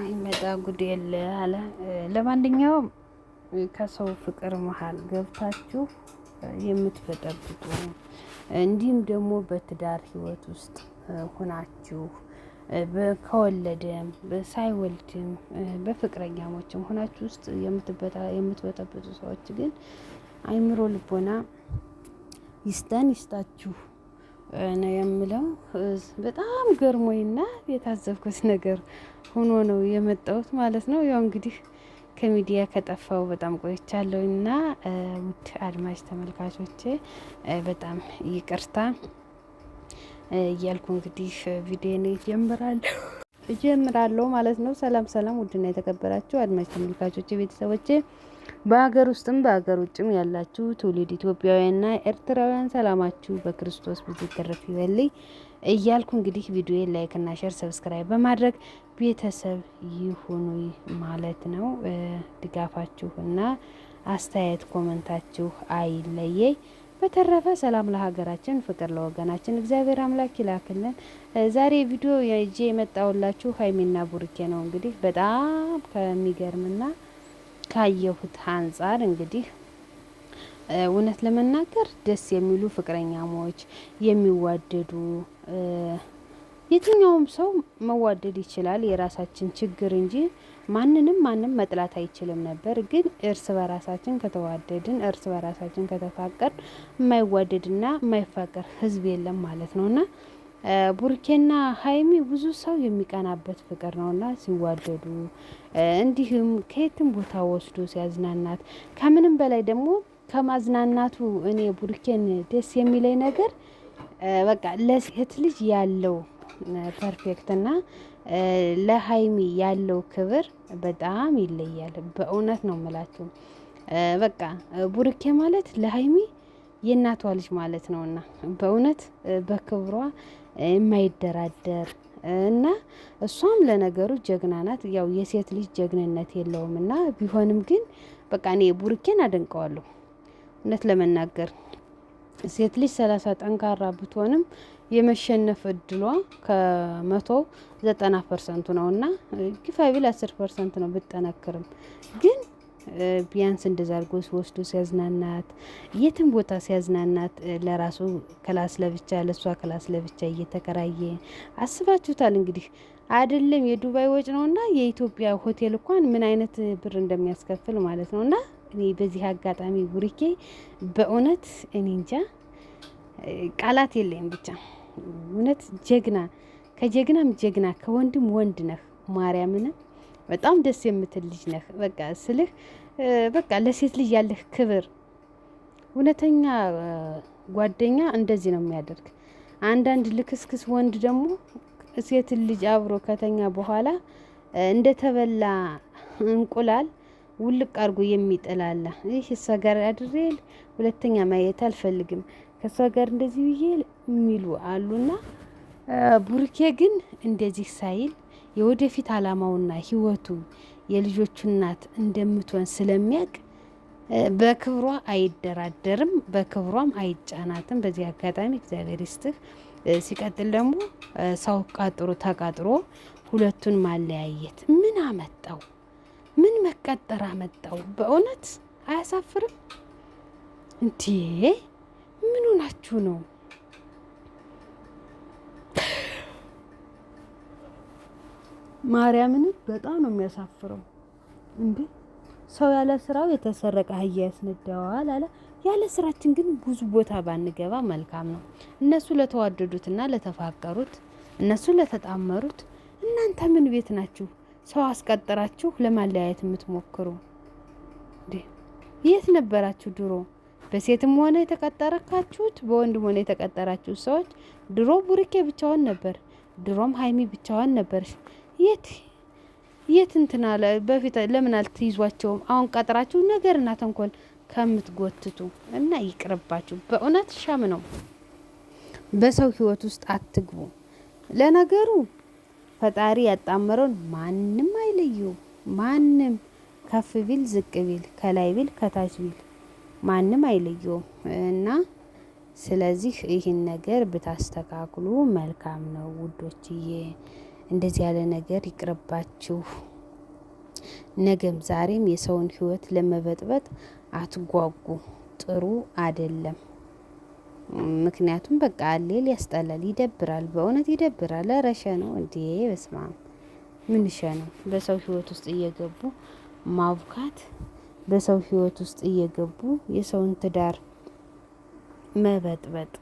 አይመጣ ጉድ የለ አለ። ለማንኛውም ከሰው ፍቅር መሀል ገብታችሁ የምትበጠብጡ እንዲሁም ደግሞ በትዳር ህይወት ውስጥ ሆናችሁ ከወለደም ሳይወልድም በፍቅረኛሞችም ሆናችሁ ውስጥ የምትበጠብጡ ሰዎች ግን አይምሮ ልቦና ይስጠን ይስጣችሁ። ነው የምለው። በጣም ገርሞኝና የታዘብኩት ነገር ሆኖ ነው የመጣሁት ማለት ነው። ያው እንግዲህ ከሚዲያ ከጠፋው በጣም ቆይቻለሁና ውድ አድማጭ ተመልካቾቼ በጣም ይቅርታ እያልኩ እንግዲህ ቪዲዮን እጀምራለሁ እጀምራለሁ ማለት ነው። ሰላም ሰላም፣ ውድና የተከበራችሁ አድማጭ ተመልካቾቼ ቤተሰቦቼ በሀገር ውስጥም በሀገር ውጭም ያላችሁ ትውልድ ኢትዮጵያውያንና ኤርትራውያን ሰላማችሁ በክርስቶስ ብዙ ይትረፍ ይበልኝ እያልኩ እንግዲህ ቪዲዮ ላይክና ሸር ሰብስክራይብ በማድረግ ቤተሰብ ይሁኑ ማለት ነው። ድጋፋችሁና አስተያየት ኮመንታችሁ አይለየኝ። በተረፈ ሰላም ለሀገራችን፣ ፍቅር ለወገናችን እግዚአብሔር አምላክ ይላክልን። ዛሬ ቪዲዮ ይዤ የመጣሁላችሁ ሀይሚና ቡርኬ ነው። እንግዲህ በጣም ከሚገርምና ካየሁት አንጻር እንግዲህ እውነት ለመናገር ደስ የሚሉ ፍቅረኛሞች የሚዋደዱ የትኛውም ሰው መዋደድ ይችላል። የራሳችን ችግር እንጂ ማንንም ማንም መጥላት አይችልም ነበር። ግን እርስ በራሳችን ከተዋደድን እርስ በራሳችን ከተፋቀር የማይዋደድና የማይፋቀር ህዝብ የለም ማለት ነውና ቡርኬና ሀይሚ ብዙ ሰው የሚቀናበት ፍቅር ነውና ሲዋደዱ እንዲሁም ከየትም ቦታ ወስዶ ሲያዝናናት ከምንም በላይ ደግሞ ከማዝናናቱ እኔ ቡርኬን ደስ የሚለኝ ነገር በቃ ለሴት ልጅ ያለው ፐርፌክት እና ለሀይሚ ያለው ክብር በጣም ይለያል። በእውነት ነው ምላችሁ። በቃ ቡርኬ ማለት ለሀይሚ የእናቷ ልጅ ማለት ነውና በእውነት በክብሯ የማይደራደር እና እሷም ለነገሩ ጀግና ናት። ያው የሴት ልጅ ጀግንነት የለውም እና ቢሆንም ግን በቃ እኔ ቡርኬን አደንቀዋለሁ። እውነት ለመናገር ሴት ልጅ ሰላሳ ጠንካራ ብትሆንም የመሸነፍ እድሏ ከመቶ ዘጠና ፐርሰንቱ ነው እና ግፋ ቢል አስር ፐርሰንት ነው ብጠነክርም ግን ቢያንስ እንደዛ ሲወስዱ ሲያዝናናት የትም ቦታ ሲያዝናናት ለራሱ ክላስ ለብቻ ለእሷ ክላስ ለብቻ እየተከራየ አስባችሁታል እንግዲህ አይደለም የዱባይ ነው ነውና የኢትዮጵያ ሆቴል እንኳን ምን አይነት ብር እንደሚያስከፍል ማለት ነውና እኔ በዚህ አጋጣሚ ቡሪኬ በእውነት እኔ እንጃ ቃላት የለኝም። ብቻ እውነት ጀግና ከጀግናም ጀግና ከወንድም ወንድ ነህ ማርያምንም በጣም ደስ የምትል ልጅ ነህ። በቃ ስልህ በቃ ለሴት ልጅ ያለህ ክብር፣ እውነተኛ ጓደኛ እንደዚህ ነው የሚያደርግ። አንዳንድ ልክስክስ ወንድ ደግሞ ሴት ልጅ አብሮ ከተኛ በኋላ እንደተበላ እንቁላል ውልቅ አርጎ የሚጠላላ ይህ እሷ ጋር አድሬል ሁለተኛ ማየት አልፈልግም ከእሷ ጋር እንደዚህ ብዬ የሚሉ አሉና፣ ቡርኬ ግን እንደዚህ ሳይል የወደፊት አላማውና ህይወቱ የልጆቹ እናት እንደምትሆን ስለሚያውቅ በክብሯ አይደራደርም፣ በክብሯም አይጫናትም። በዚህ አጋጣሚ እግዚአብሔር ይስጥህ። ሲቀጥል ደግሞ ሰው ቃጥሮ ተቃጥሮ ሁለቱን ማለያየት ምን አመጣው? ምን መቀጠር አመጣው? በእውነት አያሳፍርም እንዴ? ምን ሆናችሁ ነው? ማርያምን በጣም ነው የሚያሳፍረው። እንዴ ሰው ያለ ስራው የተሰረቀ አህያ ያስነዳዋል አለ። ያለ ስራችን ግን ብዙ ቦታ ባንገባ መልካም ነው። እነሱ ለተዋደዱትና ለተፋቀሩት፣ እነሱ ለተጣመሩት፣ እናንተ ምን ቤት ናችሁ? ሰው አስቀጥራችሁ ለማለያየት የምትሞክሩ እንዴ? የት ነበራችሁ ድሮ? በሴትም ሆነ የተቀጠረካችሁት በወንድም ሆነ የተቀጠራችሁት ሰዎች ድሮ ቡርኬ ብቻዋን ነበር፣ ድሮም ሀይሚ ብቻዋን ነበር የት የት እንትን አለ በፊት ለምን አልትይዟቸውም? አሁን ቀጥራችሁ ነገር ተንኮል ከምትጎትቱ እና ይቅርባችሁ። በእውነት ሸም ነው። በሰው ህይወት ውስጥ አትግቡ። ለነገሩ ፈጣሪ ያጣመረውን ማንም አይለየውም። ማንም ከፍ ቢል ዝቅ ቢል ከላይ ቢል ከታች ቢል ማንም አይለየውም እና ስለዚህ ይህን ነገር ብታስተካክሉ መልካም ነው ውዶችዬ። እንደዚህ ያለ ነገር ይቅርባችሁ። ነገም ዛሬም የሰውን ህይወት ለመበጥበጥ አትጓጉ፣ ጥሩ አይደለም። ምክንያቱም በቃ አሌል ያስጠላል፣ ይደብራል፣ በእውነት ይደብራል። ረሸ ነው እንዴ! በስማ ምንሸ ነው በሰው ህይወት ውስጥ እየገቡ ማቡካት፣ በሰው ህይወት ውስጥ እየገቡ የሰውን ትዳር መበጥበጥ